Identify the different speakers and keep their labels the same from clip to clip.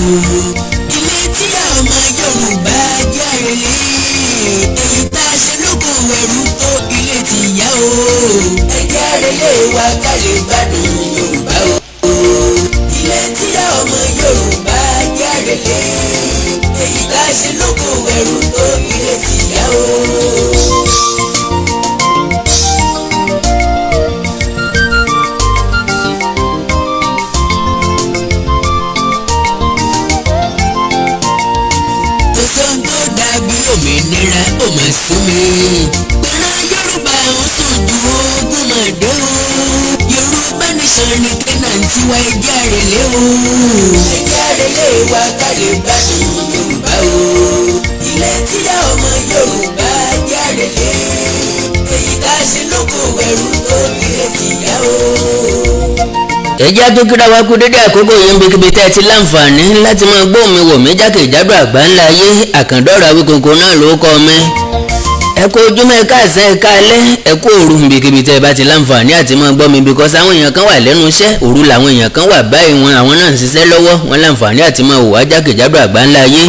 Speaker 1: Thank you. ẹjẹ́ àtúnkìrá wa kú dédé àkókò yìí ń bikibi tẹ́ ẹ ti láǹfààní láti máa gbọ́ mi wò mí jákèjádò àgbà ńlá ayé àkàndọ́ra wíkòkò náà ló kọ́ mi. ẹ kú ojúmọ́ ẹ káàsán ẹ káalẹ́ ẹ kú òru bikibi tẹ́ ẹ bá ti láǹfààní àti máa gbọ́ mi bíkọ́sí àwọn èèyàn kan wà lẹ́nu iṣẹ́ òru làwọn èèyàn kan wà báyìí wọn àwọn náà ń ṣiṣẹ́ lọ́wọ́ wọn láǹfààní àti máa wò wá jákèjádò àgbà ńlá ayé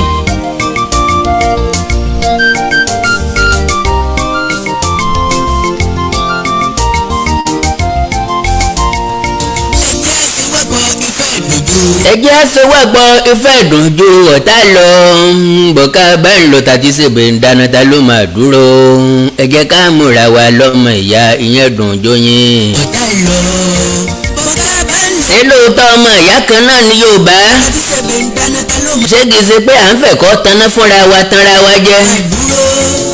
Speaker 1: ẹ jẹ́ àṣewọ́ ẹ̀gbọ́n ifẹ̀ ju ọ̀tá lọ bọ̀ká bá ń lọ tàbí ṣègbè ń dáná ta ló máa dúró ẹ ká múra wa lọ́mọ ìyá ìyẹn dùn jóyin. ọ̀tá
Speaker 2: lọ bọ̀ká
Speaker 1: bá ń lọ. ṣé lóòótọ́ ọmọ ìyá kan náà ni yóò bá. tàbí ṣègbè ń dáná ta ló máa. ṣé kìí ṣe pé à ń fẹ̀kọ́ tanná fúnra wa tanra wa jẹ. àdúró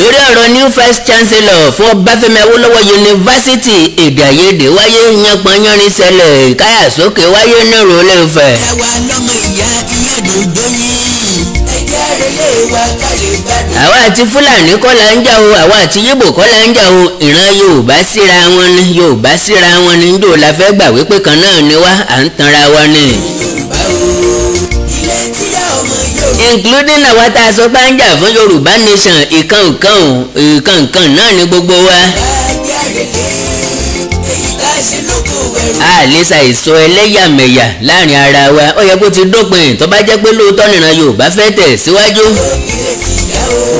Speaker 1: lórí ọ̀rọ̀ new first chancellor fún ọbáfẹ́mi awólọ́wọ̀ yunifásitì èdè àìyedè wáyé yanpanyanrin ṣẹlẹ̀ káyàsókè wáyé nírò lẹ́fẹ̀.
Speaker 2: àwa lọ́mọ ìyá
Speaker 1: ìyáàdó dórí ẹ̀jẹ̀ àrẹ̀lẹ̀ wa ká lè gbádùn. àwa àti fúlàní kọ́ la ń jà o àwa àti yíbò kọ́ la ń jà o ìran yorùbá síra wọn ni yorùbá síra wọn ni njó la fẹ́ gbà wípé kan náà ni wá à ń tanra wa ni. yorùbá o including àwa tá a sọ pé à ń jà fún yorùbá nation ìkànnkan ìkànnkan náà ni gbogbo wa. a lè ẹlẹ́yàmẹ̀yà láàrin ara wa ó yẹ kó ti dópin tó bá jẹ́ pé lóòótọ́ nìran yorùbá fẹ́ tẹ̀ síwájú.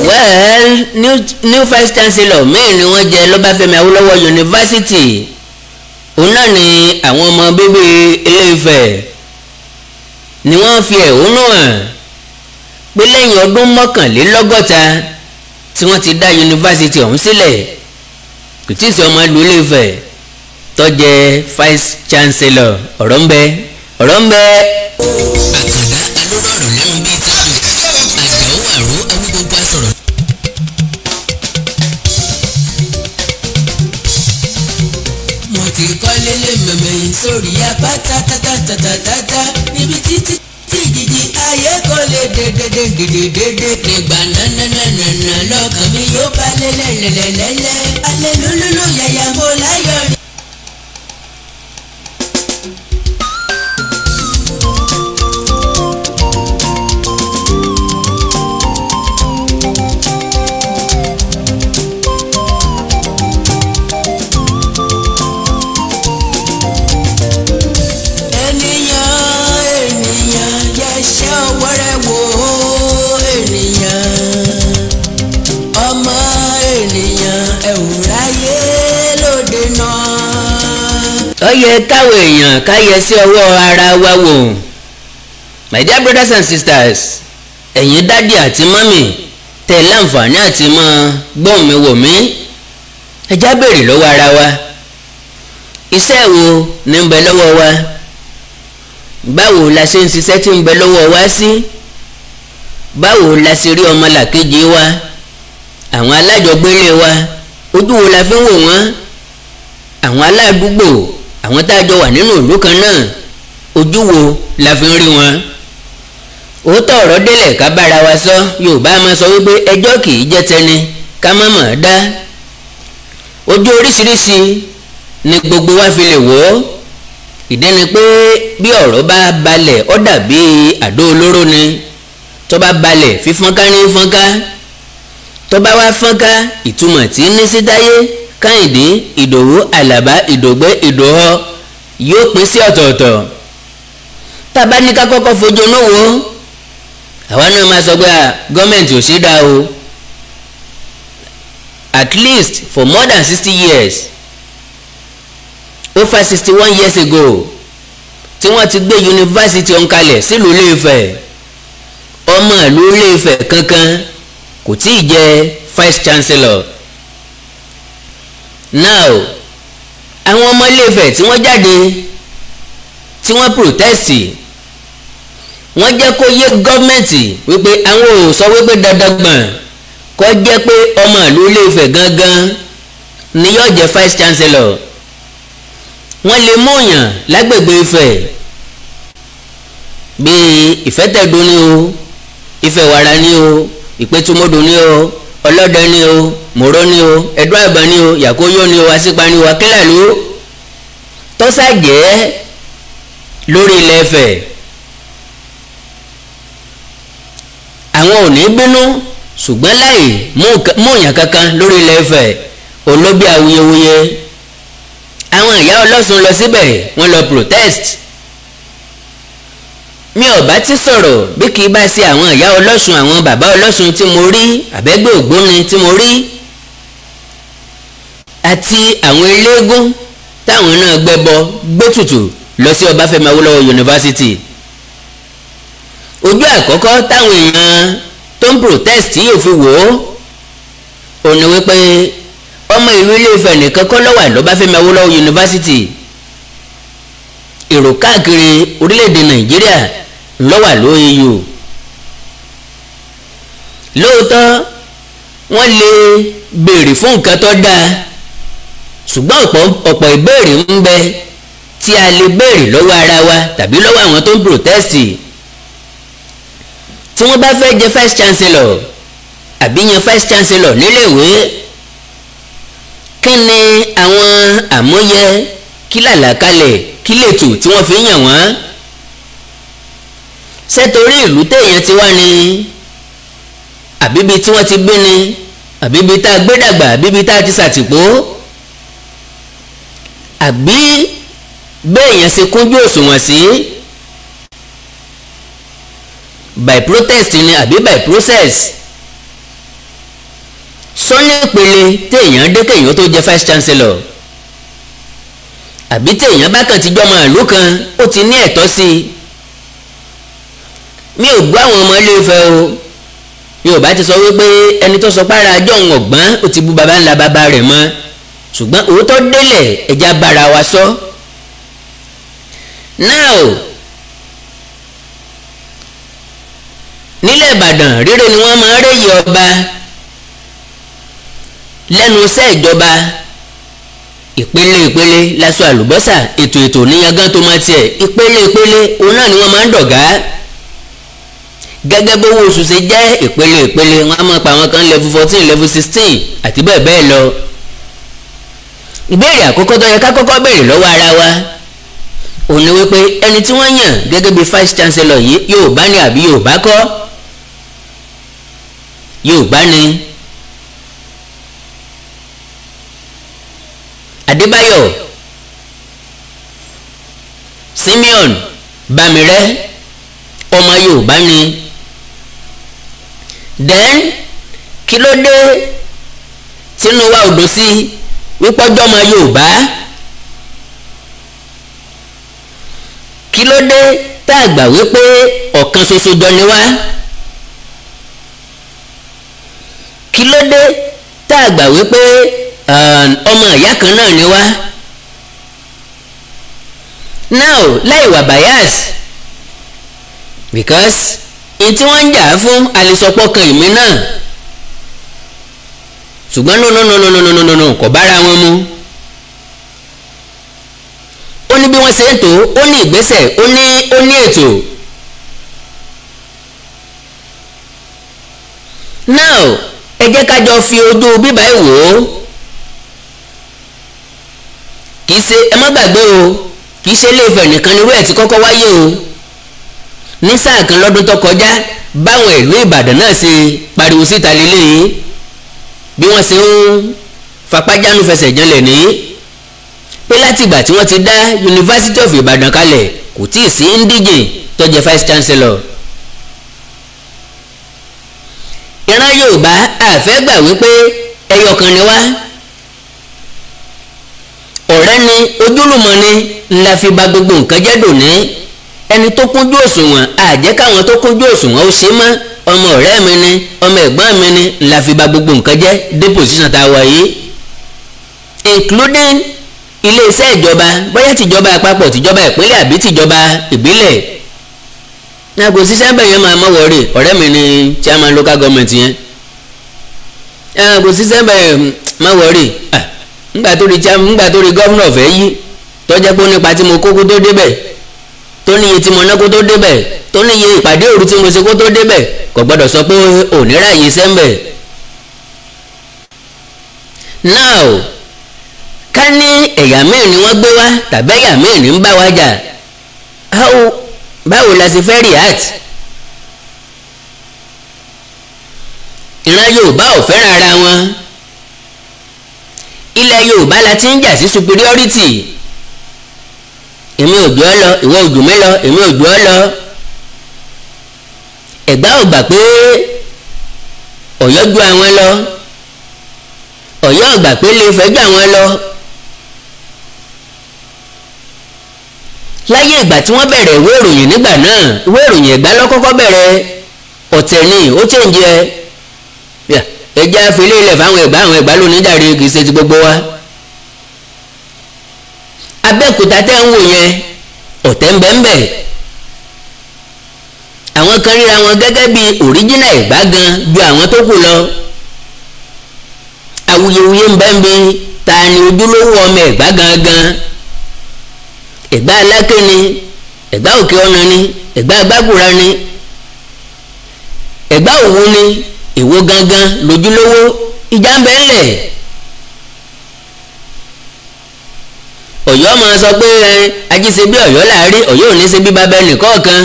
Speaker 1: well new, new vice chancellor míì ni wọ́n jẹ lọ́báfẹ́mi awólọ́wọ̀ university òun náà ni àwọn ọmọ bíbí ilé Ifẹ̀ ni wọ́n fi ẹ̀hónú hàn pé lẹ́yìn ọdún mọ́kànlélọ́gọ́ta tí wọ́n ti dá yunifásitì ọ̀hún sílẹ̀ kò tí ì sí ọmọ ìlú Ilé-Ifẹ̀ tó vice chancellor ọ̀rọ̀ ń bẹ ọ̀rọ̀ ń bẹ. Àkàndá alórọ̀rọ̀ lẹ́nu bíi tẹ́lẹ̀ àgbẹ̀ ó àrò awí asọ̀rọ̀. mo ti kọ́ lélẹ̀ mẹ̀mẹ̀ sórí apá tátátátátátá níbi títí jìjìjì ayé kò lè dédédédédédé nígbà nánánánáná lọ́kàn mi yóò bá lẹ́lẹ́lẹ́lẹ́lẹ́ alẹ́ lólóló yàyà mo láyọ̀ rí. yẹ káwọn èèyàn ká yẹ sí ọwọ́ ara wa wò my dear brothers and sisters ẹ̀yin dádì àti mọ́mì tẹ̀ láǹfààní àti mọ́ gbọ́n mi wò mí ẹ já béèrè lọ́wọ́ ara wa iṣẹ́ wo ni ń bẹ lọ́wọ́ wa báwo la ṣe ń ṣiṣẹ́ tí ń bẹ lọ́wọ́ wa sí báwo la ṣe rí ọmọlàkejì wa àwọn alájọgbélé wa ojú wo la fi ń wò wọ́n àwọn aládùúgbò àwọn tá a jọ wà nínú ìlú kan náà ojú wo la fi ń rí wọn òótọ́ ọ̀rọ̀ délẹ̀ ká bára wa sọ Yorùbá máa sọ wípé ẹjọ́ kì í jẹ́ tẹni ká má mọ̀ dá ojú oríṣiríṣi ni gbogbo wa fi lè wò ó ìdí ni pé bí ọ̀rọ̀ bá balẹ̀ ó dàbí àdó olóró ni tó bá balẹ̀ fífọ́nká ní fọ́nká tó bá wá fọ́nká ìtumọ̀ tí ní sí táyé. Si káyìndé ìdòwú àlàbá ìdògbé ìdòwọ yóò pín sí ọ̀tọ̀ọ̀tọ̀ tá a bá ní ká kọ́kọ́ fojú inú wo àwa náà máa sọ pé gọ́ọ̀mẹ̀ntì ò ṣe é dá o at least for more than sixty years over sixty one years ago tí wọ́n ti gbé yunifásitì ọ̀nkalẹ̀ sílùú Ilé-Ifẹ̀ ọmọ ìlú ilé kankan kò tí ì jẹ́ vice chancellor now àwọn ọmọ Ilé-Ifẹ̀ tí wọ́n jáde tí wọ́n protest wọ́n jẹ́ kó yé gọ́ọ̀mẹ̀ntì wípé àwọn ò sọ wípé dandan gbọ̀n kó jẹ́ pé ọmọ ìlú Ilé-Ifẹ̀ gangan ni yóò jẹ́ vice chancellor wọ́n lè mú yàn lágbègbè Ifẹ̀ bíi Ìfẹ́tẹ̀dó ni o Ifẹ̀wàrà ni o Ìpẹ́tùmọ́dọ̀ ni o Ọlọ́dẹ ni o mòró ni o ẹ̀dùn àgbà ni o yàkóyó ni o àṣìpa ni o akínlà ni o tọ́sà jẹ́ lórí ilẹ̀ ẹ̀fẹ̀ àwọn ò ní bínú ṣùgbọ́n láì mọ̀ọ́yàn kankan lórí ilẹ̀ ẹ̀fẹ̀ olóbi awuyewuye àwọn ìyá ọlọ́sùn lọ síbẹ̀ wọ́n lọ protest mi ò bá ti sọ̀rọ̀ bí kì í bá ṣe àwọn ìyá ọlọ́sùn àwọn bàbá ọlọ́sùn tí mo rí àbẹ́gbẹ́ ògbóni tí mo rí àti àwọn eléégún táwọn náà gbẹbọ gbẹtùtù lọ sí ọbáfẹ́mi awólọ́wọ̀ yunifásitì ojú àkọ́kọ́ táwọn èèyàn tó ń protest yóò fi wò ó ò ní wípé ọmọ ìlú Ilé-Ifẹ̀ nìkan kọ́ ló wà lọ́báfẹ́mi awólọ́wọ̀ yunifásitì èrò káàkiri orílẹ̀-èdè Nàìjíríà ló wà lóyeyò lóòótọ́ wọ́n lè béèrè fún nǹkan tó dáa ṣùgbọ́n ọ̀pọ̀ ìbéèrè ń bẹ tí a lè béèrè lọ́wọ́ ara wa tàbí lọ́wọ́ àwọn tó ń protesti tí wọ́n bá fẹ́ jẹ first chancellor àbí yan first chancellor níléèwé kí ni àwọn àmúyẹ kí làlàkalẹ̀ kí lètò tí wọ́n fi yàn wọ́n sẹ́torí ìlú téèyàn ti wá ni àbíbi tí wọ́n ti gbé ni àbíbi tá a gbé dàgbà àbíbi tá a ti ṣàtìpó àbí bẹ́ẹ̀ yẹn ṣe kúnjú òṣùwọ̀n sí by protest ni àbí by process sọ́lé ìpele téèyàn dé kéèyàn tó jẹ́ vice chancellor àbí téèyàn bá kàn ti jọmọ ìlú kan ó ti ní ẹ̀tọ́ sí i mi ò gbọ́ àwọn ọmọ ilé Ifẹ̀ o Yorùbá ti sọ wípé ẹni tó sọ pé ajọ́ òun ọ̀gbọ́n ó ti bú baba ńlá baba rẹ̀ mọ́ ṣùgbọ́n òótọ́ délẹ̀ ẹja bára wa sọ. now nílẹ̀ ìbàdàn rírò ni wọ́n máa ń réyè ọba lẹ́nu iṣẹ́ ìjọba ìpele ìpele láṣọ àlùbọ́sà ètò ètò níyangán tó máa tiẹ̀ ìpele ìpele òun náà ni wọ́n máa ń dọ̀gá gẹ́gẹ́ bówó oṣù ṣe jẹ́ ìpele ìpele wọ́n á máa pa àwọn kan level fourteen level sixteen àti bẹ́ẹ̀ bẹ́ẹ̀ lọ ìbéèrè àkọ́kọ́ tó yẹ ká kọ́kọ́ béèrè lọ́wọ́ ara wa òun ni wípé ẹni tí wọ́n yàn gẹ́gẹ́ bí vice chancellor yìí Yorùbá ni àbí Yorùbá kọ́ Yorùbá ni Adébáyọ̀ Simeon Bámirẹ́ ọmọ Yorùbá ni then kí ló dé tí inú sí i wípọ́jọ́ ọmọ Yorùbá kí ló dé tá a gbà wípé ọ̀kan ṣoṣo jọ ni wá kí ló dé tá a gbà wípé um, ọmọ ìyá kan náà ni wá now láì wà bias because n tí wọ́n ń jà fún àlesọpọ̀ kan ìmí náà ṣùgbọ́n no no no no no no no no kò bára wọn mu ó ní bí wọ́n ṣe ń tò ó ní ìgbésẹ̀ ó ní ó ní ètò now ẹ jẹ́ ká jọ fi ojú bíbá ẹ̀ wò ó kì í ṣe ẹ má gbàgbé o kì í ṣe Ilé-Ifẹ̀ nìkan ni irú ẹ̀ ti kọ́kọ́ wáyé o ní sáà kan lọ́dún tó kọjá báwọn ìlú Ìbàdàn náà ṣe pariwo síta lélẹ́yìn bí wọ́n ṣe ń fapájánu fẹsẹ̀ janlẹ̀ ní pé látìgbà tí wọ́n ti dá University of Ibadan kalẹ̀ kò tí ì sí ndíje tó jẹ́ chancellor. ìran Yorùbá àfẹ́ gbà wípé ẹyọkan ni wá ọ̀rẹ́ ni ojúlùmọ̀ ni la fi ba gbogbo nǹkan jẹ́ dòní ẹni tó kúnjú òṣùwọ̀n àjẹ́ káwọn tó kúnjú òṣùwọ̀n ó ṣe mọ́ ọmọ ọrẹ mi ni ọmọ ẹ̀gbọ́n mi ni la fi gbogbo nǹkan jẹ́ dé pòsíṣàn tá a wà yìí including iléeṣẹ́ ìjọba bóyá tìjọba àpapọ̀ tìjọba ìpínlẹ̀ àbí tìjọba ìbílẹ̀ nàgò síṣẹ́ bẹ́ẹ̀ yẹn máa mọ̀ wọ́ọ̀rì ọ̀rẹ́ mi ni chairman local government yẹn nàgò síṣẹ́ bẹ́ẹ̀ mọ̀ wọ́ọ̀rì tó rí fẹ́ yí pé tó níye tí mo ná kó tó débẹ̀ tó níye ìpàdé òru tí mo ṣe kó tó débẹ̀ kò gbọ́dọ̀ sọ pé òníra yìí sẹ́ńbẹ̀. now ká ní ẹ̀yà míì ni wọ́n gbé wá tàbí ẹ̀yà míì ni ń bá wa jà báwo la ṣe fẹ́ react. ìran yorùbá ò fẹ́ràn ara wọn ilẹ̀ yorùbá la ti ń jà sí superiority èmi ò jọ lọ ìwọ òjò mi lọ èmi ò jọ lọ ẹ̀gbá ò gbà pé ọ̀yọ́ ju àwọn lọ ọ̀yọ́ ò gbà pé lè fẹ́ àwọn lọ láyé ìgbà tí wọ́n bẹ̀rẹ̀ ìwé ìròyìn nígbà náà ìwé ìròyìn ẹ̀gbá ló bẹ̀rẹ̀ ọ̀tẹ̀ ni ó chẹ́ǹjẹ ẹ̀jẹ̀ afẹ́lẹ́ ilẹ̀ fáwọn ẹ̀gbá àwọn ẹ̀gbá lónìí jàre kì í ṣe ti gbogbo wa. àbẹ́òkúta tẹ́ ń wò yẹn ọ̀tẹ̀ ń bẹ ń gẹgẹ àwọn kan ríra wọn gẹ́gẹ́ bí òríjìnà Ẹ̀gbá gan ju àwọn tó kù lọ awuyewuye ń ń ni ojúlówó ọmọ Ẹ̀gbá gangan Ẹ̀gbá Aláké ni Ẹ̀gbá Òkè Ọ̀nà ni Ẹ̀gbá ni Ẹ̀gbá Òwu ni Ìwó gangan lójúlówó ìjà ń ọ̀yọ́ máa sọ pé ají ṣe bí ọ̀yọ́ láàrí ọ̀yọ́ ò ní ṣe bí bàbá ẹnìkọ̀ọ̀kan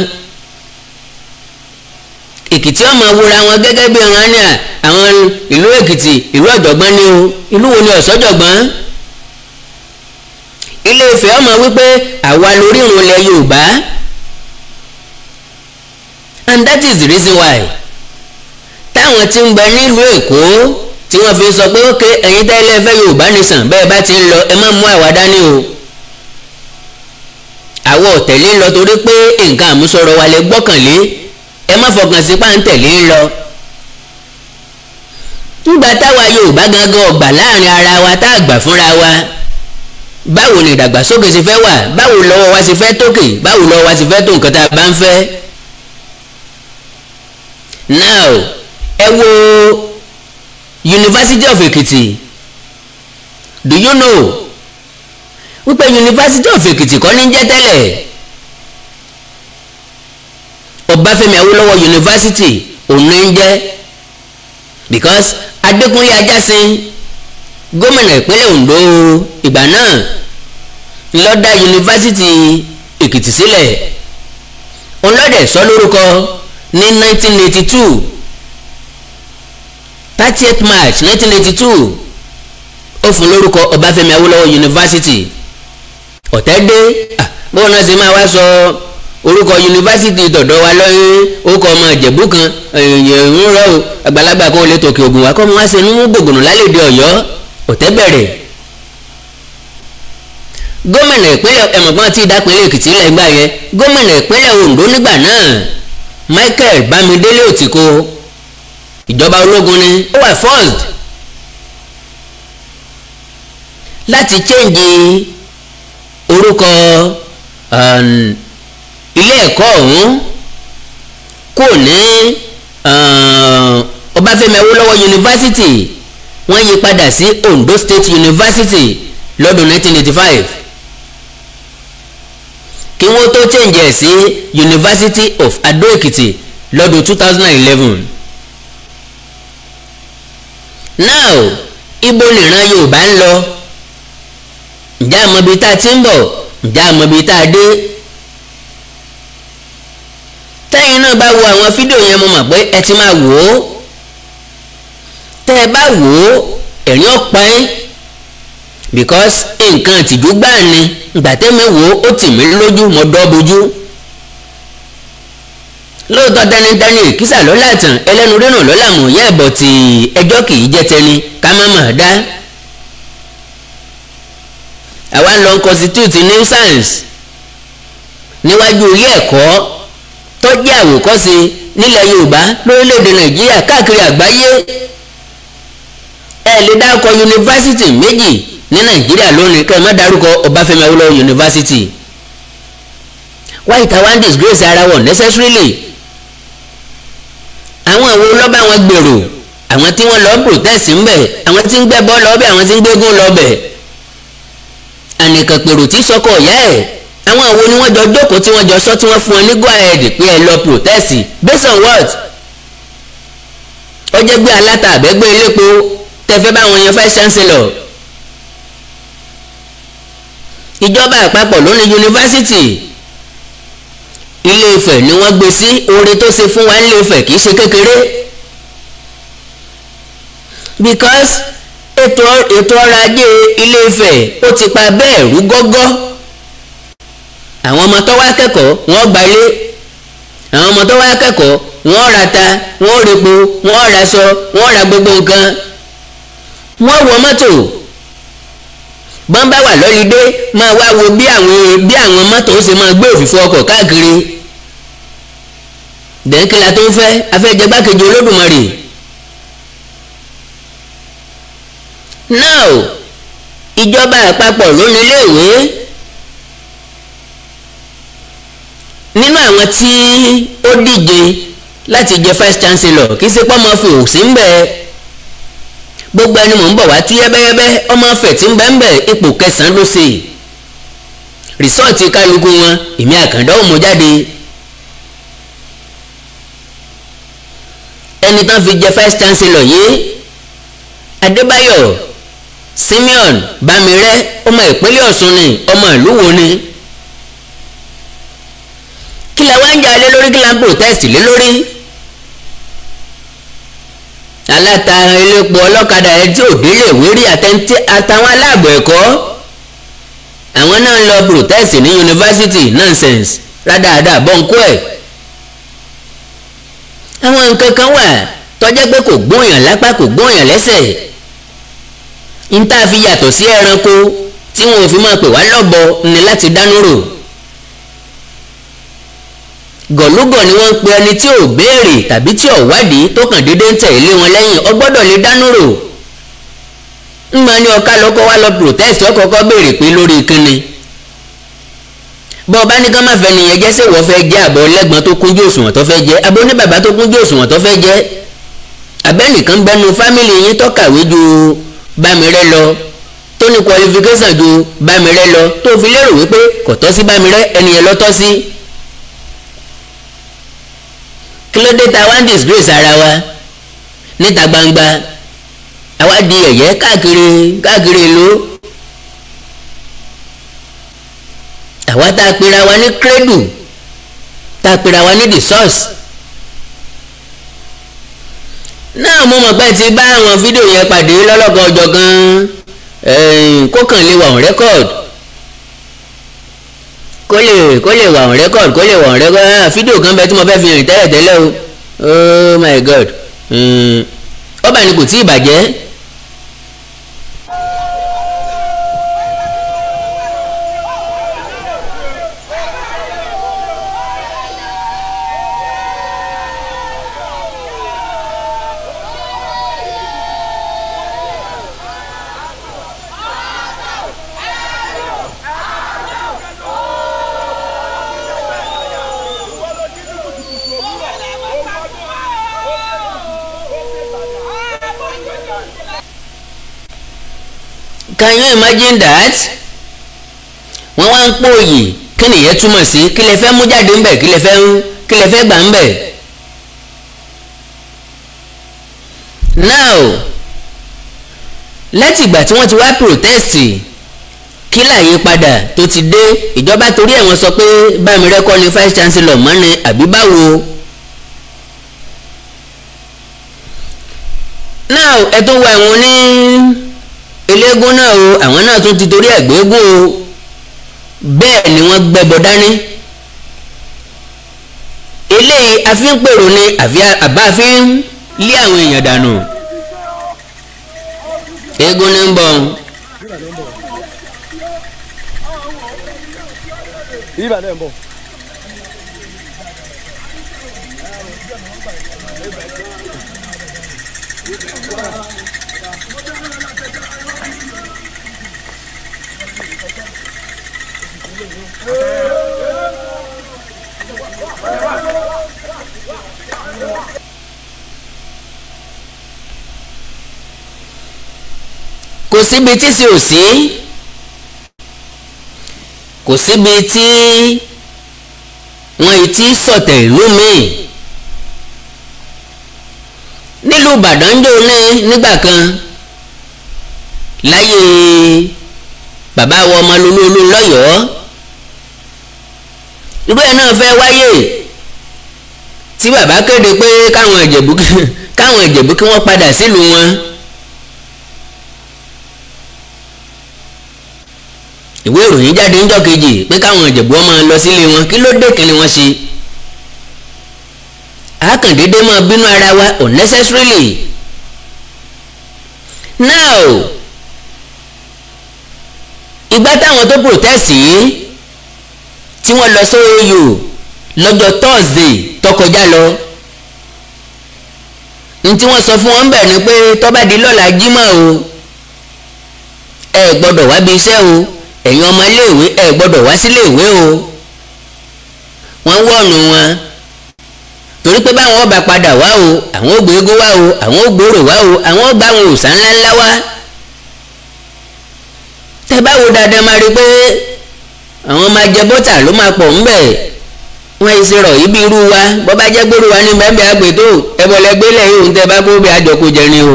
Speaker 1: èkìtì ọmọ wúra wọn gẹ́gẹ́ bí ọ̀ràn ní àwọn ìlú èkìtì ìlú Ọjọgbọn ni o ìlú wo ni ọ̀sọ́jọ̀gbọ́n ilé Ifẹ̀ ọmọ wípé àwa lórí ìrùn ilẹ̀ Yorùbá and that is the reason why táwọn ti ń bẹ nílùú Èkó tí wọ́n fi sọ pé ókè ẹ̀yin tẹ́lẹ̀ fẹ́ Yorùbá nìsàn bẹ́ẹ̀ bá ti ń lọ ẹ má mú àwa dání o àwọn ọ̀tẹ̀lé ń lọ torí pé nǹkan àmúsọ̀rọ̀ wa lè gbọ́kànlé ẹ má fọkàn sí páńtẹ̀lé ń lọ nígbà táwa Yorùbá gangan ọgbà láàrin ara wa tá a gbà fúnra wa báwo ni ìdàgbàsókè ṣe fẹ́ wà báwo lọ́wọ́ wa ṣe fẹ́ tókè báwo lọ́wọ́ wa ṣe fẹ́ tó nǹkan tá a bá ń fẹ́ now ẹ wo University of Ekiti do you know wípé University of Ekiti kọ́ ní jẹ́ tẹ́lẹ̀ Ọbáfẹ́mi Awólọ́wọ̀ University òun ní jẹ́ because Adékúnlé Ajásin gómìnà ìpínlẹ̀ Ondo ìgbà náà ló University Ekiti sílẹ̀ òun ló dẹ̀ sọ lórúkọ ní 1982 thirtieth march nineteen eighty two ó fún lórúkọ ọbáfẹ́mi awólọ́wọ̀ yunifásitì ọ̀tẹ́dé ah, bó náà ṣe máa wá sọ orúkọ yunifásitì tọ̀dọ̀ wa lọ́yìn orúkọ ọmọ ìjẹ̀bú kan èèyàn ń rọ o àgbàlagbà kó lè tòkè ògùn wa kọ́ mọ́ wá sí inú gbògbònù lálẹ́dẹ̀ ọ̀yọ́ ọ̀tẹ́ bẹ̀rẹ̀ gómìnà ìpínlẹ̀ ẹ̀mọ̀gbọ́n tí ìdápínlẹ̀ èkìtì ilẹ̀ yẹn gómìnà ìpínlẹ̀ ondo nígbà náà michael bámidélé òtìkó ìjọba ológun ni ó wà forced láti change orúkọ um, ilé ẹ̀kọ́ ọ̀hún kò ní um, Ọbáfẹ́mi Awólọ́wọ̀ University wọ́n yí padà sí Ondo State University lọ́dún 1985 kí wọ́n tó change ẹ̀ sí University of Ado Ekiti lọ́dún 2011 now ibo nìran yorùbá ń lọ ǹjẹ́ àmọ́bi tá a ti ń bọ̀ ǹjẹ́ àmọ́bi tá a dé tẹ́yìn náà bá wo àwọn fídíò yẹn mo mọ̀ pé ẹ ti máa wò ó tẹ́ ẹ bá wò ó ẹ̀rín ọ̀pá ẹ́ because nǹkan tìjú gbáà ni gbàtẹ́mi wò ó ó tì mí lójú mo dọ́ bojú lóòótọ́ dánidáni èkísà lọ́làtàn ẹlẹ́nu rírùn lọ́làmù yẹ́ ẹ̀bọ̀ tí ẹjọ́ kì í jẹ́ tẹni ká má mà dá. àwa lọ constitute nuisance níwájú ilé ẹ̀kọ́ tọ́jú àwòkọ́ṣe nílẹ̀ Yorùbá lórílẹ̀‐èdè Nàìjíríà káàkiri àgbáyé ẹ lè dárúkọ yunifásitì méjì ní Nàìjíríà lónìí kẹ́ ẹ má dárúkọ Ọbáfẹ́mi Awólọ́wọ̀ yunifásitì why taiwan disgrace ara wọn necessarily àwọn àwọn olọ́ba wọn gbèrò àwọn tí wọ́n lọ protest ńbẹ̀ àwọn tí ń gbẹ́ bọ́ lọ́bẹ̀ àwọn tí ń gbégún lọ́bẹ̀ ànìkànpèrò tí sọkọ̀ ọ̀yá ẹ̀ àwọn àwọn ni wọ́n jọ jókòó tí wọ́n jọ sọ tí wọ́n fún ọ ní go ahead pé ẹ lọ protest based on what ó jẹ́ gbé aláta àbẹ́gbé elépo tẹ̀fẹ́ báwọn yan vice chancellor ìjọba àpapọ̀ ló ní yunifásitì ilé Ifẹ̀ ni wọ́n gbé sí oore tó ṣe fún wa nílé Ifẹ̀ kì í ṣe kékeré because ètò ètò ọrọ̀ ajé ilé Ifẹ̀ ó ti pa bẹ́ẹ̀ rú gọ́gọ́ àwọn ọmọ tó wá kẹ́kọ̀ọ́ wọ́n gba ilé àwọn ọmọ tó wá kẹ́kọ̀ọ́ wọ́n ra ta wọ́n repo wọ́n ra aṣọ wọ́n ra gbogbo nǹkan wọ́n wọ mọ́tò bọ́n bá wà lọ́lídé máa wá wo bí àwọn bí àwọn mọ́tò ń ṣe máa gbé òfìfo ọkọ̀ káàkiri dẹ́ńkìlá tó ń fẹ́ afẹ́jẹ́ gbákejì olódùmarè now ìjọba àpapọ̀ ló ní iléèwé nínú àwọn tí ó díje láti jẹ vice chancellor kì í ṣe pọ́nmọ́fò sí ń bẹ́ẹ̀ gbogbo ẹni mò ń bọ̀ wá tí yẹ́bẹ́yẹ́bẹ́ ọmọ ọ̀fẹ́ tí ń bẹ́ ń bẹ̀ ipò kẹsàn-án ló ṣe rìsọ́ọ̀tì kálukú wọn èmi àkàndá ò mú jáde ẹni tán fi jẹ vice chancellor yìí Adébáyọ̀ Simeon Bámirẹ́ ọmọ ìpínlẹ̀ Ọ̀ṣun ni ọmọ ìlú wo ni kí la wá ń jalè lórí kí la ń protest lé lórí alátara elépo ọlọ́kadà ẹ tí òbí lè wérí àtàwọn aláàbọ̀ ẹ̀kọ́ àwọn náà ń lọ protest ní yunifásitì nonsense rádáadáa bọ́ńkú ẹ̀ àwọn nǹkan kan wà tọ́jẹ́ pé kò gbóyàn lápá kò gbóyàn lẹ́sẹ̀ ń tá a fi yàtọ̀ sí ẹranko tí wọn ò fi máa pè wá lọ́bọ ni láti dánú rò gọ̀lúgọ̀ ni wọ́n ń pe ẹni tí ò béèrè tàbí tí ò wádìí tó kàn déédé ń tẹ̀ ilé wọn lẹ́yìn ọgbọ́dọ̀ lè dánú rò ńmọ ni ọ̀ka lọ́kọ́ wá lọ protest ọkọ̀ọ̀kọ́ béèrè pé lórí kínni bọ́ọ̀ bá ní ká má fẹ́ nìyẹn jẹ́ sèwọ́ fẹ́ jẹ́ àbọ̀ lẹ́gbọ̀n tó kúnjú òṣùwọ̀n tó fẹ́ jẹ́ abọ́ ní bàbá tó kúnjú òṣùwọ̀n tó fẹ́ jẹ́ abẹ́nìkan bẹnu fámìlì yín tó kàwé ju bámirẹ́ lọ tó ní qualification ju bámirẹ́ lọ tó fi lérò wípé kò tọ́ sí bámirẹ́ ẹnìyẹn lọ́tọ́ sí. Si kí ló dé ta wá ń disgrace ara wa níta gbangba àwa di ẹ̀yẹ́ káàkiri káàkiri ìlú àwa tá a pera wa ní credo tá a pera wa ní the source náà mo mọ̀ pé ti bá àwọn fídíò yẹn pàdé lọ́lọ́kan ọjọ́ gan-an kó kàn lè wà on record kó lè kó lè wà on record kó lè wà on record fídíò kan bẹ tí mo fẹ́ fi hàn tẹ́lẹ̀ tẹ́lẹ̀ o oh my god ọba ni kò tí ì bàjẹ́ can you imagine that wọ́n wá ń pòòyì kí nìyẹn túmọ̀ sí kí lè fẹ́ mú jáde ńbẹ̀ kí lè fẹ́ kí lè fẹ́ gbà ńbẹ̀ now látìgbà tí wọ́n ti wá protest kí láàyè padà tó ti dé ìjọba torí ẹ̀ wọ́n sọ pé bámi rẹ́kọ́ ni vice chancellor mọ́ ni àbí báwo. now ẹ tó wá ẹ̀wọ̀n ní eléégún náà o àwọn náà tún ti torí ẹ̀gbẹ́gún o bẹ́ẹ̀ ni wọ́n gbẹ́bọ dání eléyìí àfínpèrò ni àbá fi ń lé àwọn èèyàn dànù eégún ní ń bọ̀
Speaker 2: Thank you. kò
Speaker 1: síbi tí sí ò sí kò síbi tí wọn ti sọ̀tẹ̀ ìlú míì nílùú Ìbàdàn jò ní nígbà kan láyé bàbá wa ọmọ lolú olú irú ẹ̀ náà fẹ́ wáyé tí bàbá kéde pé káwọn ìjẹ̀bú káwọn ìjẹ̀bú kí wọ́n padà sílùú wọn. ìwé ìròyìn jáde ńjọ́ kejì pé káwọn ìjẹ̀bú ọmọ lọ sílé wọn kí ló dé kí ni ṣe. àákàndéédé máa bínú ara wa unnecessarily. now ìgbà táwọn tó protest yìí tí wọ́n lọ sóyò lọ́jọ́ tọ́sídẹ̀ẹ́ tó kọjá lọ ní tí wọ́n sọ fún wọn bẹ̀ ni pé tó bá di lọ́la jímọ̀ o ẹ gbọ́dọ̀ wá bí iṣẹ́ o ẹ̀yin ọmọ iléèwé ẹ gbọ́dọ̀ wá síléèwé o wọ́n wọ̀nù wọn torí pé báwọn ọba padà wá o àwọn ògbó égó wá o àwọn ògbóró wá o àwọn ọgbà àwọn òòsàn ńláńlá wá tẹ báwo dáadáa máa rí pé àwọn máa jẹ bọ́tà ló máa pọ̀ ńbẹ̀ wọ́n ẹ̀ ṣe rọ̀ ibi irú wa bọ́ bá jẹ́ gbóru wa ní bẹ́ẹ̀ àgbètò ẹ̀bọ̀lẹ́gbẹ́lẹ̀ yìí òun tẹ́ bá kó bí àjọkò jẹrin o.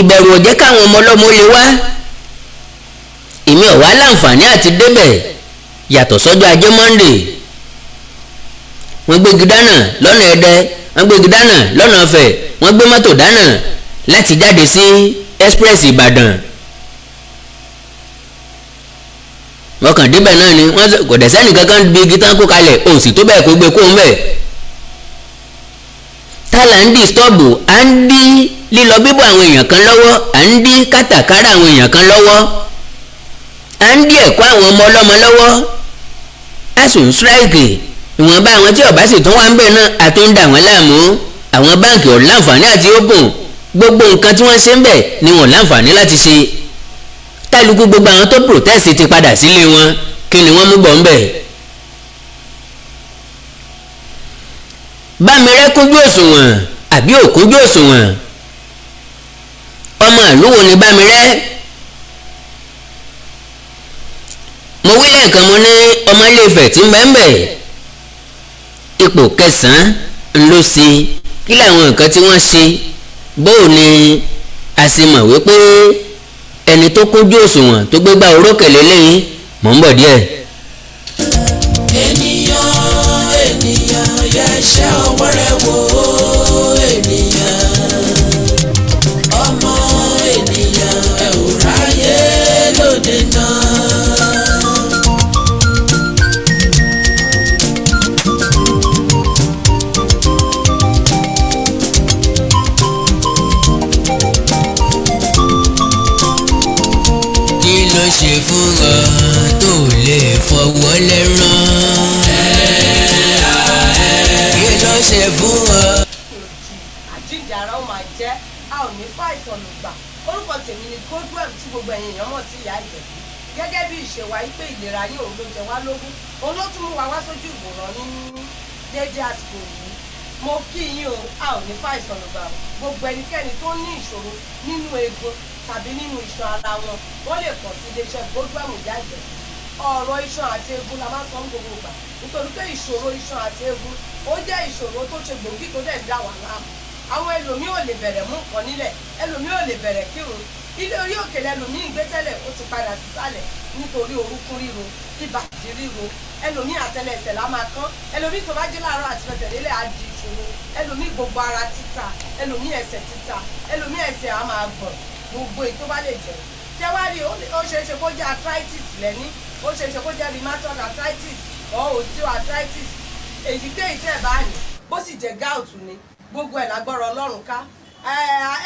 Speaker 1: ìbẹ̀rù ò jẹ́ káwọn ọmọ ọlọ́mọ lè wá èmi ọ̀wá láǹfààní àti débẹ̀ yàtọ̀ sọ́jọ́ ajé monde wọ́n gbégi dáná lọ́nà ẹ̀dẹ wọ́n gbégi dáná lọ́nà ọ̀fẹ́ wọ́n gbé mọ́tò dáná láti jáde sí express Ìbàdàn wọ́n kàn débẹ̀ náà ni wọ́n kò dẹ̀ sẹ́ni kankan bí igi tán kó kalẹ̀ o sì tó bẹ́ẹ̀ kó gbé kó ń bẹ̀. tálà ń di stọ́ọ̀bù à ń dí lílọ bíbọ̀ àwọn èèyàn kan lọ́wọ́ à ń dí kátàkárà àwọn èèyàn kan lọ́wọ́ à ń dí ẹ̀kọ́ àwọn ọmọ ọlọ́mọ lọ́wọ́ a sì ń ṣíráìkì ìwọ̀nba àwọn tí ọ̀bá sì tún wá ń bẹ̀ náà a tún ń dà wọ́n láàmú àwọn báǹkì ò láǹfààní àti open gbogbo nǹkan tí wọ́n ṣe ń bẹ̀ ni wọ́n láǹfààní láti ṣe kálukú gbogbo àwọn tó protest ti padà sílé wọn kí ni wọ́n mú bọ̀ ńbẹ̀. bámirẹ́ kójú òṣùwọ̀n àbí òkójú òṣùwọ̀n ọmọ àlúwo ni bámirẹ́ mo wí lẹ́ẹ̀kan mo ní ọmọ iléèfẹ̀ tí ń bẹ́ẹ̀ ipò kẹsàn-án ló ṣe kí làwọn nǹkan tí wọ́n ṣe bóò ni a ṣe mọ̀ wípé ẹni tó kójú òṣùwọ̀n tó gbégbá orókè lélẹ́yìn mọ̀ ń bọ̀ díẹ̀.
Speaker 2: gbogbo ẹ̀yin èèyàn mọ̀ sí ìyá ìjẹ̀bú gẹ́gẹ́ bí ìṣèwà ipe ìlera ní òun ló jẹ wá lógún òun ló tún mú wa wá sójú ìwòran ní déédé àsìkò yìí mo kí yín o a ò ní fàìsàn lùgbà o gbogbo ẹnikẹ́ni tó ní ìṣòro nínú eegun tàbí nínú iṣan ara wọn wọ́n lè kàn sí iléeṣẹ́ gbógbàmù ìyá ìjẹ̀bú ọ̀rọ̀ iṣan àti eegun la máa ń sọ ní gbogbo ìgbà nítorí pé ìṣòro iṣan àti eegun ó jẹ́ ìṣòro tó ṣe gbòógì tó dẹ̀ dá wà láàmú àwọn ẹlòmíì ò lè bẹ̀rẹ̀ mú nǹkan nílẹ̀ ẹlòmíì ò lè bẹ̀rẹ̀ kírun ilé orí òkè lẹ́nu mi gbé tẹ́lẹ̀ ó ti padà sísàlẹ̀ nítorí orúkún ríro ìbàdí ríro ẹlòmíì àtẹlẹsẹ̀ la máa kán ẹlòmíì tó bá jí láàárọ̀ àti fẹsẹ̀ lélẹ̀ á di ìṣòro ẹlòmíì gbogbo ara títa ẹlòmíì ẹsẹ̀ títa ẹlòmíì ẹsẹ̀ á máa gbọ̀n gbogbo èyí tó bá lè jẹ́ jẹ́wárí ó ṣeéṣe kó jẹ́ arthritis lẹ́ní ó ṣeéṣe kó jẹ́ rheumatoid arthritis or osteoarthritis èyíkéyìí tẹ̀ bá ní bó sì jẹ́ gout ni gbogbo ẹ̀ lágbọ́rọ̀ ọlọ́run ká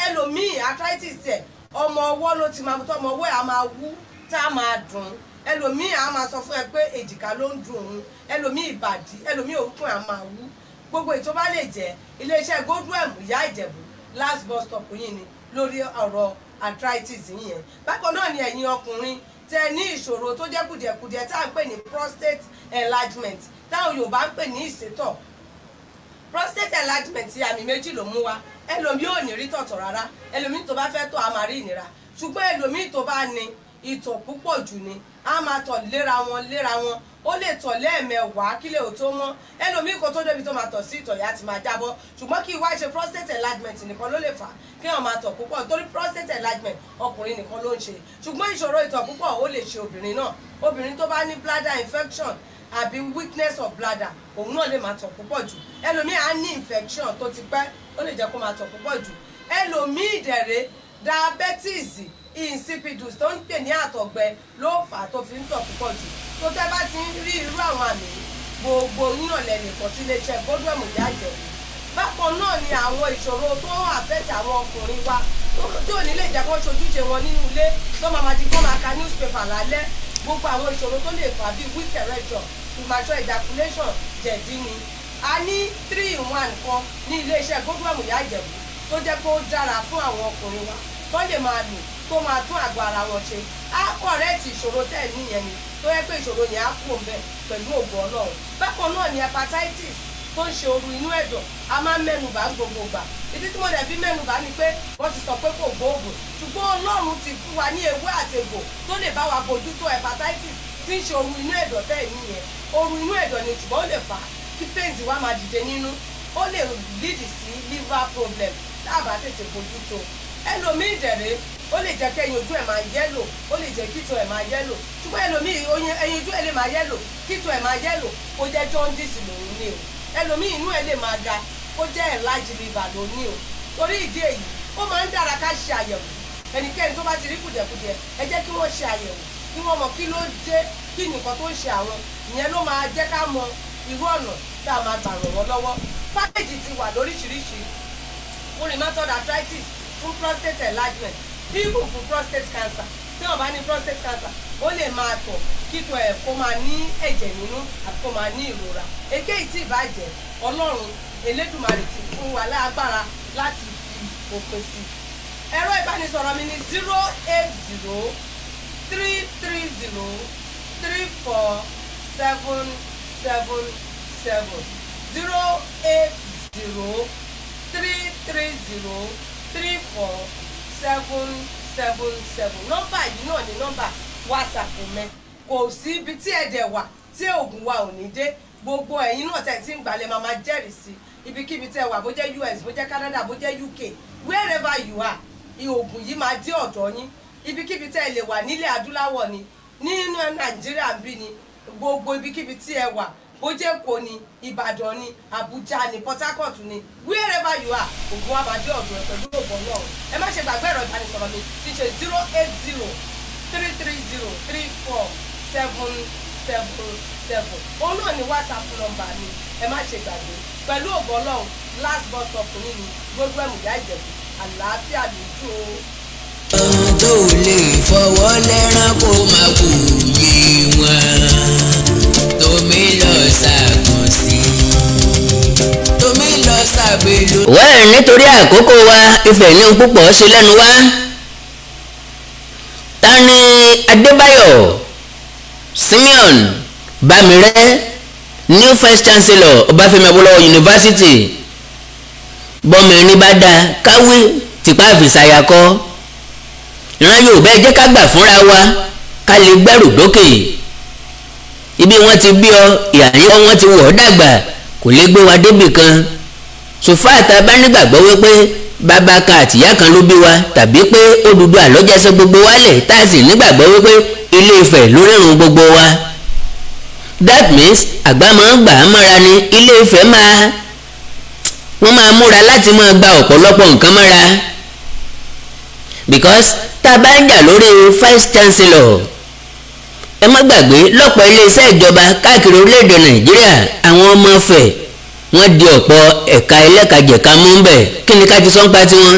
Speaker 2: ẹlòmíì arthritis tẹ̀ ọmọ ọwọ́ ló ti máa mú tọmọ ọwọ́ ẹ̀ á máa wú tá a máa dùn ẹlòmíì á máa sọ fún ẹ pé èjìká ló ń dùn òun ẹlòmíì ìbàdí ẹlòmíì orúkún ẹ̀ á máa wú gbogbo ètò bá lè jẹ́ iléeṣẹ́ godwem ìyá ìjẹ̀bù last bus stop yìí ni lórí ọ̀rọ̀ arthritis yìnyẹn bákan náà ni ẹ̀yin ọkùnrin tẹ ní ìṣòro tó jẹ́ kùdìẹ̀kùdìẹ̀ tá à ń pè ní prostate enlargement táwọn Yorùbá ń pè ní ìsétọ̀ prostate enlargement àmì méjì ló mú wa ẹlòmíì ò ní rí tọ̀tọ̀ rárá ẹlòmíì tó bá fẹ́ tọ̀ á máa rí ìnira ṣùgbọ́n ẹlòmíì tó bá ní ìtọ̀ púpọ̀ jù ni a máa tọ̀ léra wọn léra wọn ó lè tọ̀ lẹ́ẹ̀mẹwàá kílẹ̀ ò tó mọ́ ẹlòmíì kò tó débi tó máa tọ̀ sí ìtọ̀ yá ti máa jábọ́ ṣùgbọ́n kí wá ṣe prostate enlargement nìkan ló lè fà kí wọ́n máa tọ̀ púpọ̀ torí prostate enlargement ọkùnrin nìkan ló ń ṣe ṣùgbọ́n ìṣòro ìtọ̀ púpọ̀ ó lè ṣe obìnrin náà obìnrin tó bá ní bladder infection àbí weakness of bladder òun náà lè máa tọ̀ púpọ̀ jù ẹlòmíì á ní infection tó ti pẹ́ ó lè jẹ́ kó máa tọ̀ púpọ̀ jù ẹlòmíì ìdẹ̀rẹ̀ diabetes insipidus tó ń pè ní àtọ̀gbẹ ló fà á tó fi ń tọ̀ púpọ̀ jù tó tẹ́ bá ti ń rí irú àwọn àmì gbogbo yíyànlẹ̀ nìkan sí iléeṣẹ́ gbọ́dọ̀ mú jáde bákan náà ni àwọn ìṣòro tó àfẹ́tẹ̀ àwọn ọkùnrin wa tí ò ní lè jẹ́ kó ṣojúṣe wọn nínú ilé tó máa ma di kó máa ka newspaper lálẹ́ gbogbo àwọn ìṣòro tó lè fà bíi weak erection premature ejaculation jẹ̀dí ni a ní three in one kan ní iléeṣẹ́ gbogbo àmúyá ìjẹ̀bú tó jẹ́ pé ó dára fún àwọn ọkùnrin wa tó lè máa lò tó máa tún àgọ́ ara wọn ṣe á kọ̀rẹ́ẹ̀tì ìṣòro tẹ̀ níyẹn ni tó yẹ pé ìṣòro yẹn á kú òun bẹ́ẹ̀ pẹ̀lú òògùn ọlọ́run bákan náà ni hepatitis tó ń ṣe ooru inú ẹ̀dọ̀ a máa ń mẹ́nubà ń gbogbo gbà ìdí tí mo dẹ̀ fi mẹ́nubà ni pé wọ́n ti sọ pé kò gbóògùn ṣùgbọ́n ọlọ́run ti fún wa ní ewé àtegbò tó lè bá wa bójú tó hepatitis tí ń ṣe ooru inú ẹ̀dọ̀ tẹ́ ìní yẹn ooru inú ẹ̀dọ̀ ni ṣùgbọ́n ó lè fà á kí pains wa máa dìde nínú ó lè lead sí liver problem láàbà tètè bójú tó ẹlòmíì dẹ̀rẹ̀ ó lè jẹ́ kí ẹyin ojú ẹ̀ máa yẹ́lò ó lè jẹ́ kíto ẹ̀ máa yẹ́lò ṣùgbọ́n ẹlòmíì ẹyin ojú ẹ̀ lè máa yẹ́lò kíto ẹ̀ máa yẹ́lò ó jẹ́ jaundice lòun ní o ẹlòmíì inú ẹ̀ lè máa ga kó jẹ́ enlarged liver ló ní o torí ìdí èyí ó máa ń dára ká ṣe àyẹ̀wò ẹnikẹ́ni tó bá ti rí kùdẹ̀kùdẹ̀ ẹ jẹ́ kí wọ́n ṣe àyẹ̀wò kí wọ́n mọ kí ló dé kí nìkan tó ń ṣe àwọn ìyẹn ló máa jẹ́ ká mọ irú ọ̀nà tá a máa gbà ràn wọ́n lọ́wọ́ pákéjì ti wà lóríṣiríṣi fún rheumatoid arthritis fún prostate enlargement even fún prostate cancer tí wọ́n bá ní prostate cancer ó lè máa tọ̀ kíkọ ẹ̀ kó máa ní ẹ̀jẹ̀ nínú àti kó máa ní ìrora èkéyìí tí ìbàjẹ́ ọlọ́run elédùnmarè ti fún wa lágbára láti fi òpin sí ẹ̀rọ ìbánisọ̀rọ̀ mi ni zero eight zero three three zero three four seven seven seven zero eight zero three three zero three four seven seven seven nọ́mbà yìí náà ni nọ́mbà whatsapp mi kò sí ibi tí ẹ̀dẹ̀ wà tí oògùn wa ò ní dé gbogbo ẹ̀yin náà tẹ̀ tí ń gbalẹ̀ máa máa jẹ́rìí sí i ibikíbi tẹ́ wà bó jẹ́ US bó jẹ́ Canada bó jẹ́ UK wherever you are oògùn yìí máa dé ọ̀dọ̀ yín ibikíbi tẹ́ lè wà nílẹ̀ adúláwọ̀ ni nínú Nàìjíríà bí ni gbogbo ibikíbi tí ẹ wà bó jẹ́ Èkó ni Ìbàdàn ni Àbújá ni Port Harcourt ni wherever you are oògùn wa máa dé ọ̀dọ̀ ẹ pẹ̀lú oògùn náà ẹ má ṣe gbàgbé ẹ̀rọ ìbánisọ̀rọ̀ mi ti ṣe zero eight zero three three zero three four seven seven seven òun náà ni WhatsApp nọ́mbà mi ẹ má ṣe gbàgbé pẹ̀lú ògo Ọlọ́run last bus stop mi ni gbogbo ẹ̀mùdá ìjẹ̀bù àlàáfíà lójú o.
Speaker 1: ohun tó lè fọwọ́ lẹ́rán kó máa kú yé wọn tómi lọ ṣàkàn sí tómi lọ wẹ́ẹ̀ nítorí àkókò wa ìfẹ́ ní púpọ̀ ṣe lẹ́nu wá ta ni Adébáyọ̀ Simeon Bámirẹ́ new vice chancellor ọbáfẹ́mi awólọ́wọ̀ yunifásitì bọ́mẹrin bá dáa káwé tìpá àfìsàyà ìran yorùbá ẹ ká gbà fúnra wa ká lè gbẹ́rù dókè ibi wọ́n ti bí ọ ìhàyín wọ́n ti wọ̀ ọ́ dàgbà kò lè gbé wa débì kan sòfà àtàbá nígbàgbọ́ wípé bàbá kan àtìyá kan ló bí wa tàbí pé Odùduwà ló jẹsẹ gbogbo wa lẹ̀ tá a sì nígbàgbọ́ wípé Ilé Ifẹ̀ ló rírun gbogbo wa that means àgbàmọ́ gbà á mọ́ra ni ilé Ifẹ̀ máa wọ́n máa múra láti máa gba ọ̀pọ̀lọpọ̀ nǹkan mọ́ra because tá a bá ń jà lórí vice chancellor ẹ má gbàgbé lọ́pọ̀ iléeṣẹ́ ìjọba káàkiri orílẹ̀-èdè Nàìjíríà àwọn ọmọ Ifẹ̀ wọ́n di ọ̀pọ̀ ẹ̀ka ẹlẹ́kajẹ̀ka mú ń bẹ̀ kí ni ká ti sọ́n pa tiwọn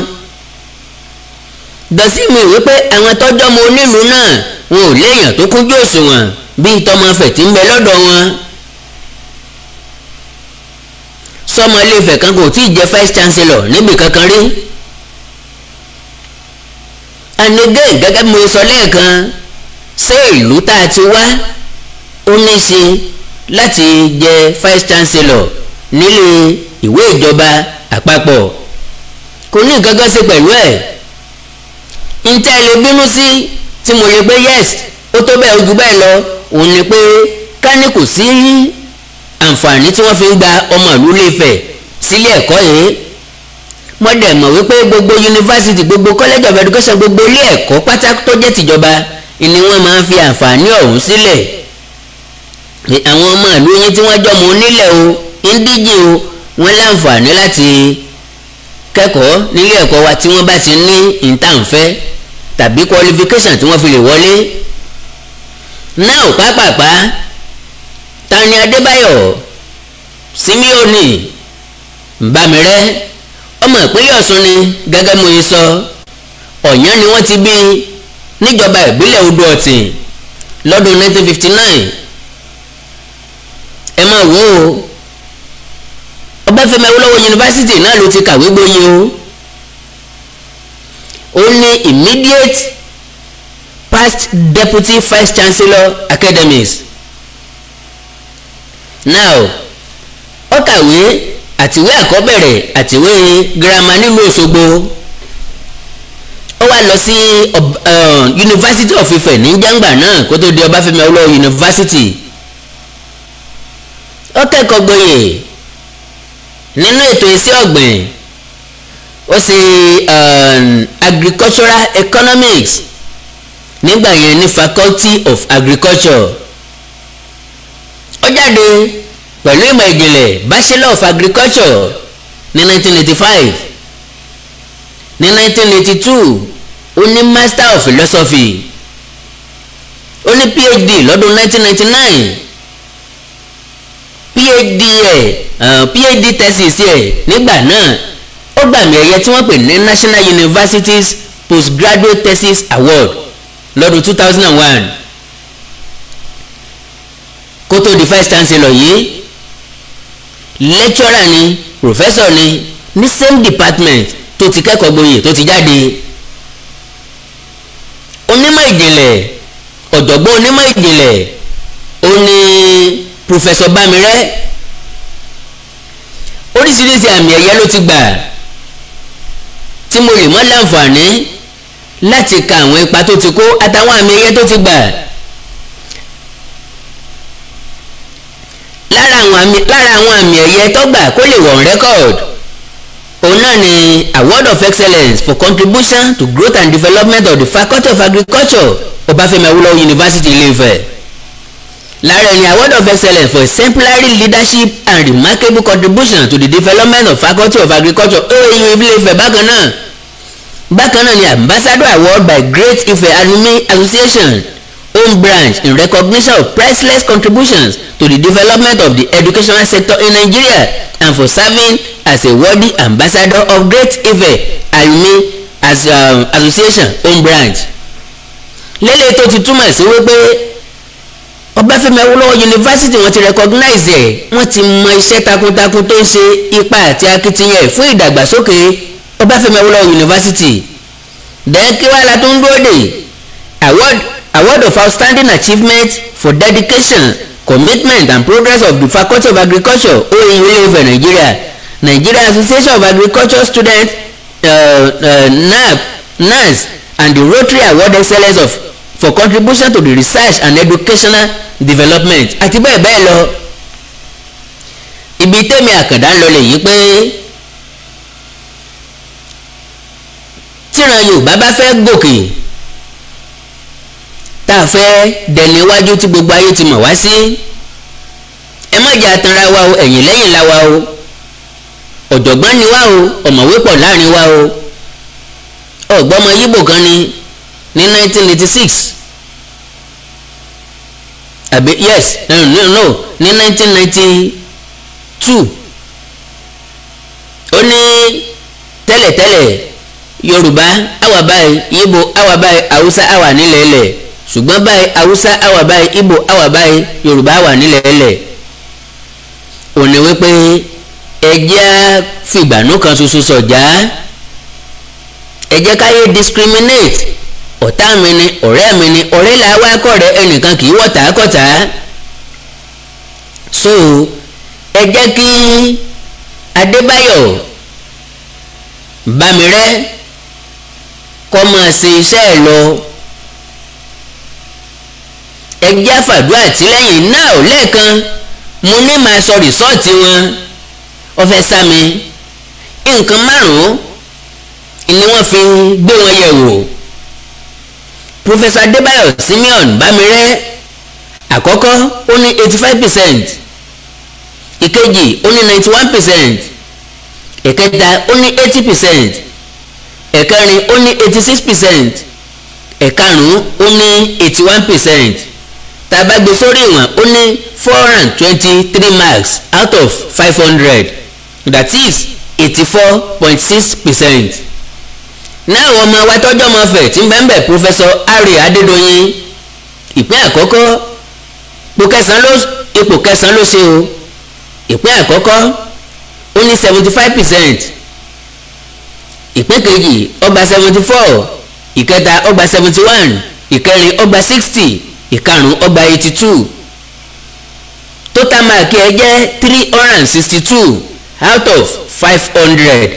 Speaker 1: dọ̀símù wípé àwọn tọ́jọ́ mọ onílùú náà wọn ò léèyàn tó kúnjú òṣùwọ̀n bíi tọmọ Ifẹ̀ tí ń bẹ lọ́dọ̀ wọn. ọmọ ilé Ifẹ̀ kan kò tí ì jẹ́ vice chancellor níbi kankan rí and again gẹ́gẹ́ bí mo sọ lẹ́ẹ̀kan ṣé ìlú tá a ti wá ó ní ṣe láti jẹ́ vice chancellor nílé ìwé ìjọba àpapọ̀ kò ní nǹkan ṣe pẹ̀lú ẹ̀ níta ẹ lè bínú sí tí mo lè pé yes ó tó bẹ́ẹ̀ ojú bẹ́ẹ̀ lọ òun ni pé ká ní kò sí àǹfààní tí wọ́n fi ń gba ọmọ ìlú Ilé-Ifẹ̀ sílé ẹ̀kọ́ yìí mo dẹ̀ mọ̀ wípé gbogbo yunifásitì gbogbo college of education gbogbo ilé ẹ̀kọ́ pátá tó jẹ́ tìjọba ni wọ́n máa ń fi àǹfààní ọ̀hún sílẹ̀ àwọn ọmọ ìlú yín tí wọ́n jọmọ onílẹ̀ o ndíjì o wọ́n láǹfààní láti kẹ́kọ̀ọ́ nílé ẹ̀kọ́ wa tí wọ́n bá ti ní ìtànfẹ́ tàbí qualification tí wọ́n fi lè wọlé náà pápápá Tani Adébáyọ̀ Simeoni Bámirẹ́ ọmọ ìpínlẹ̀ Ọ̀ṣun ni gẹ́gẹ́ mo yẹ sọ Ọ̀yàn ni wọ́n ti bí níjọba ìbílẹ̀ Odò Ọ̀tìn lọ́dún 1959 ẹ máa wò ó Ọbáfẹ́mi Awólọ́wọ̀ yunifásitì náà ló ti kàwé gboyè o ó ní immediate past deputy vice chancellor academies now ó wee atiwe àkọ́bẹ̀rẹ̀ atiwe girama nílùú Òṣogbo ó wá lọ sí um, University of Ife ní jàǹgbà náà kó tó di Ọbáfẹ́mi Awólọ́wọ̀ University ó kẹ́kọ̀ọ́ gboyè nínú ètò iṣẹ́ ọ̀gbìn ó ṣe um, agricultural economics nígbà yẹn ní of agriculture ó jáde pẹ̀lú ìmọ̀ ìjìnlẹ̀ bachelor of agriculture ní 1985 ní 1982 ó ní master of philosophy ó ní phd lọ́dún 1999 phd ẹ̀ uh, phd thesis ẹ̀ nígbà náà ó gbàmì ẹ̀yẹ tí wọ́n pè ní national universities postgraduate thesis award lọ́dún 2001 kó tó di vice chancellor yìí lecturer ni professor ni ní same department tó ti kẹ́kọ̀ọ́ gboyè tó ti jáde onímọ̀ ìjìnlẹ̀ ọ̀jọ̀gbọ́n onímọ̀ ìjìnlẹ̀ ó ní professor Bámirẹ́ oríṣiríṣi àmì ẹ̀yẹ ló ti gbà tí mo lè mọ́ láǹfààní láti ka àwọn ipa tó ti kó àtàwọn àmì ẹ̀yẹ tó ti gbà. lára àwọn àmì ẹ̀yẹ tọ́gbà kó lè wọ̀ record òun náà ni award of excellence for contribution to growth and development of the faculty of agriculture Ọbáfẹ́mi Awólọ́wọ̀ University Ilé-Ifẹ̀ lára ẹni award of excellence for exemplary leadership and remarkable contribution to the development of faculty of agriculture OAU Ilé-Ifẹ̀ bákan náà bákan náà ni ambassador award by Great Ife Alumni Association own branch in recognition of priceless contributions to the development of the educational sector in Nigeria and for serving as a worthy ambassador of Great Ife Alumni as, um, Association own branch. lélẹ̀ tó ti túmọ̀ sí wípé Ọbáfẹ́mi Awólọ́wọ̀ yunifásitì wọ́n ti recognize ẹ̀ wọ́n ti mọ iṣẹ́ takuntakun tó ń ṣe ipa àti akitiyan ẹ̀ fún ìdàgbàsókè Ọbáfẹ́mi Awólọ́wọ̀ yunifásitì dẹ́kíwá la tó ń dúró dè award award of outstanding achievement for dedication commitment and progress of the faculty of agriculture oyeyoyofe nigeria nigeria association of agriculture students uh, uh, nap nas and the rotary award excellence of for contribution to the research and educational development àti bẹ́ẹ̀ bẹ́ẹ̀ lọ ibi tẹ́mi àkàndá ń lọ lèyí pé tíran yorùbá bá fẹ́ gòkè. tá a fẹ́ tí gbogbo ayé ti mọ̀ wá sí ẹ má jẹ́ atanra wa o ẹ̀yìn lẹ́yìn la wa o ọ̀jọ̀gbọ́n ni wa o ọ̀mọ̀wé pọ̀ láàrin wa o ọ̀gbọ́mọ yíbò kan ni ní 1986 àbí yes no no no ní 1992 ó ní tẹ́lẹ̀tẹ́lẹ̀ yorùbá àwa báyìí yíbò haúsá àwa nílẹ̀ ṣùgbọ́n báyìí haúsá àwà báyìí ìgbò àwà báyìí yorùbá wà nílẹ̀ ẹlẹ̀ òní wípé ẹjẹ́ fìgbànú kan ṣoṣo sọ̀já ẹjẹ́ káyé discriminate ọ̀tá mi ni ọ̀rẹ́ mi ni ọ̀rẹ́ là wá kọ̀rẹ́ ẹnìkan kì í wọ̀tá kọ̀tá so ẹ jẹ́ kí adébáyọ̀ bámirẹ́ kọ́ máa ṣe iṣẹ́ ẹ̀ lọ ẹgbẹ́ àfàdúrà tìlẹ́yìn náà ò lẹ́ẹ̀kan mo ní máa sọ rìsọ́ọ̀tì wọn ọfẹ́ sámi nǹkan márùn-ún ni wọ́n fi gbé wọn yẹ̀ wò Professor Adébáyọ̀ Simeon Bámirẹ́ àkọ́kọ́ ó ní eighty five percent ìkejì ó ní ninety one percent ẹ̀kẹta ó ní eighty percent ẹ̀kẹrin ó ní eighty six percent ẹ̀karùn-ún ó ní eighty one percent tàbá gbé sórí ìwọ̀n ó ní four and twenty three marks out of five hundred that is eighty four point six percent náà àwọn ọmọ wa tọ́jọ́ ọmọ fẹ̀ tí ń bẹ́ẹ̀ bẹ́ẹ̀ Professor Harry Adédoyin ìpín àkọ́kọ́ ipò kẹsàn-án ló ipò kẹsàn-án ló ṣe o ìpín àkọ́kọ́ ó ní seventy five percent ìpín kejì ó gba seventy four ìkẹta ó gba seventy one ìkẹrin ó gba sixty ìkarùn ọgbà eighty two total mark ẹ jẹ́ three hundred and sixty two out of five hundred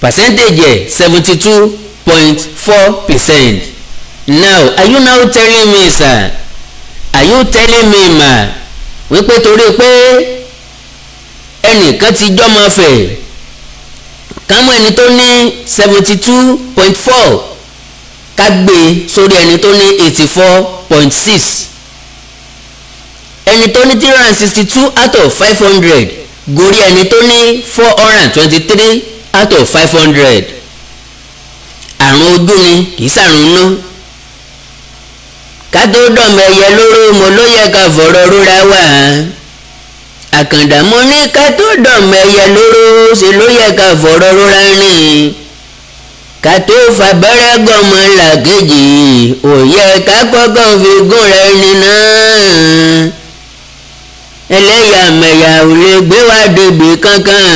Speaker 1: percentage seventy two point four percent now are you now telling me sir are you telling me ma wípé torí pé ẹnìkan ti jọmọ fẹ́ kámọ ẹni tó ní seventy two point four ká gbé e sórí ẹni tó ní eighty four point six ẹni tó ní three hundred and sixty two out of five hundred gorí ẹni tó ní four hundred and twenty three out of five hundred àrùn ojú ni kì í ṣàrùn inú ká tó dọ̀mọ̀ ẹyẹ lóró mo ló yẹ ká fọ̀rọ̀ rúra wà àkàndá mo ní ká tó dọ̀mọ̀ ẹyẹ lóró ṣe ló yẹ ká fọ̀rọ̀ rúra rìn kàtó fàbẹ́rẹ́ gọmọ làkejì òye kákọ́kọ́ fi gún rẹ nínú ẹlẹ́yàmẹ̀yà ò lè gbé wá débi kankan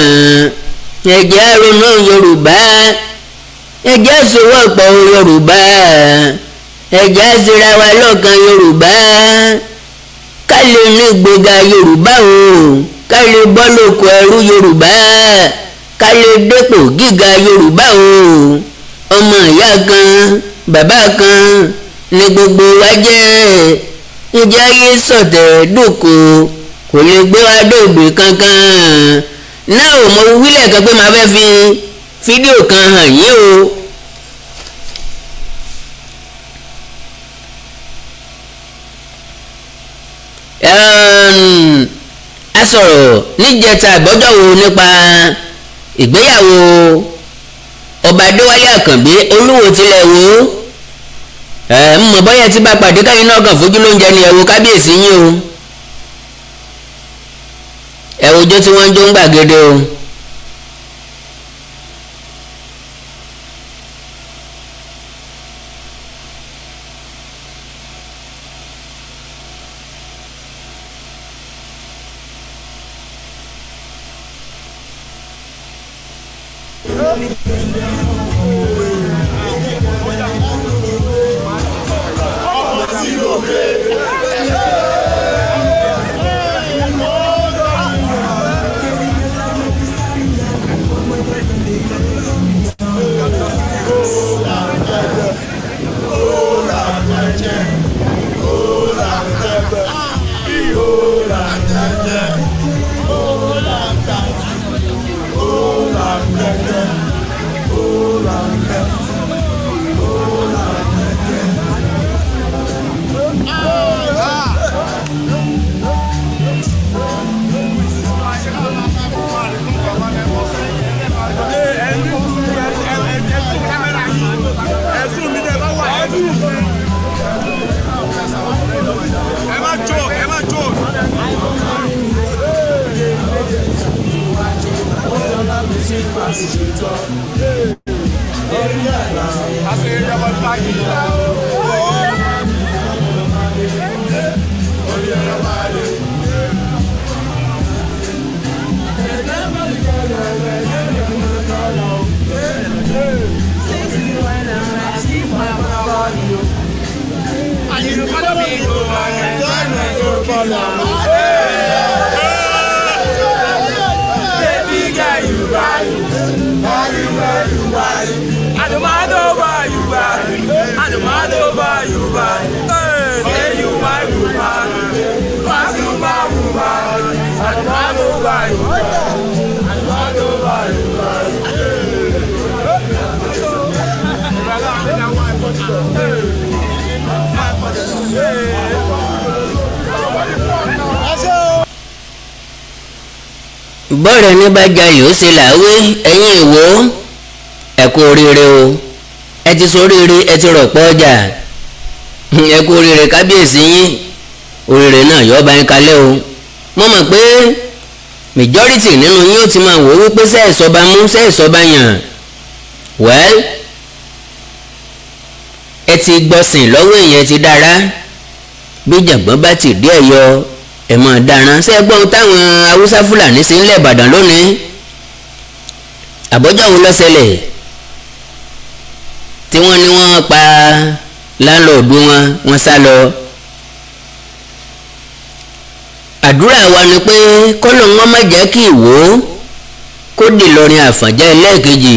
Speaker 1: ẹ̀jẹ̀ ronú yorùbá ẹ̀jẹ̀ sowọ́pọ̀ yorùbá ẹ̀jẹ̀ síra wa lọ́kàn yorùbá ká lè ní gbéga yorùbá o ká lè bọ́ lóko ẹrú yorùbá ká lè dépò gíga yorùbá o. ọmọ ìyá kan bàbá kan ni gbogbo wa jẹ́ ǹjẹ́ ayé sọ̀tẹ̀ dòkò kò lè gbé wa dògbè kankan náà ò mọ wílẹ̀ kan pé màá fẹ́ fi fídíò kan hàn yín o. a sọ̀rọ̀ níjẹta ìbọ́jọ́ wo nípa ìgbéyàwó. ọba adéwálé àkànbí olúwo tilẹ̀ wò ó ẹ ń mọ̀ bọ́yá tí bá pàdé káyín náà kàn fojú lóúnjẹ ni ẹ̀wò kábíyèsí yín o ẹ̀wòjọ́ tí wọ́n ń jó ń gbàgede o. Àṣìṣe bọ́ọ̀rẹ̀ ní bá jalè ó ṣe làwé ẹ̀yin ìwò ẹ kú oríire o ẹ ti soríire ẹ ti rọ̀pọ̀ ọjà ẹ kú oríire kábíyèsí yín oríire náà yọ ọba yín kalẹ̀ o mo mọ̀ pé majority nínú yín ó ti máa wò wípé sẹ́ẹ̀sọba mú sẹ́ẹ̀sọba yàn well ẹ ti gbọ́sìn lọ́wọ́ èèyàn ti dára bí jàgbọ́n bá ti dí ẹ̀ yọ ẹ mọ̀ dáná ṣé ẹ gbọ́n táwọn haúsá fúlàní sí ńlẹ̀ ìbàdàn lónìí àbọ́jọ́ òun lọ́sẹ̀lẹ̀ tí wọ́n ní wọ́n pa láńlọ́ọ̀dù wọn wọ́n sá lọ. àdúrà wa ni pé kọ́lọ̀ wọn má jẹ́ kí ìwò kó dì lọ́rin àfàjá ẹlẹ́ẹ̀kejì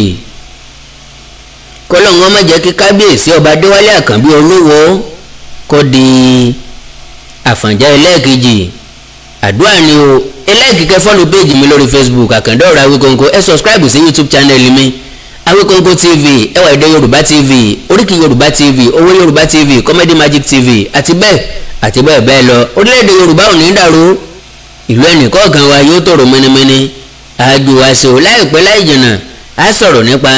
Speaker 1: kọ́lọ̀ wọn má jẹ́ kí kábíyèsí ọba adéwálé àkànbí olówó kó di àfàjá ẹlẹ́ẹ̀kejì àdúrà ni o ẹlẹ́ẹ̀kẹ́kẹ́ fọ́lù péèjì mi lórí facebook àkàndá ọ̀rọ̀ awíkóńkó ẹ sọ̀scribe sí youtube channel mi awíkóńkó tv ẹwà èdè yorùbá tv oríkì yorùbá tv owó yorùbá tv comedy magic tv àti bẹ́ẹ̀ àti bẹ́ẹ̀ bẹ́ẹ̀ lọ orílẹ̀-èdè yorùbá ò ní dàrú ìlú ẹnìkọ̀ọ̀kan wa yóò tòrò mẹ́nimẹ́ni àjò àṣò láìpẹ́ láì jìnnà á sọ̀rọ̀ nípa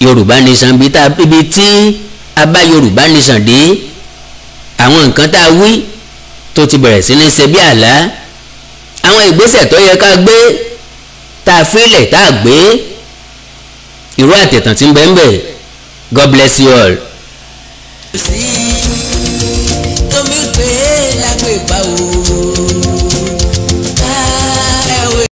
Speaker 1: yorùbá nation ibi tí a bá yorùbá nation dé àwọn nǹkan tá a wí tó ti bẹ̀rẹ̀ sí ní ṣe bí àlá àwọn ìgbésẹ̀ tó yẹ ká gbé tá a filẹ̀ tá a gbé ìró àtẹ̀tàn tí ń bẹ ń God bless you all.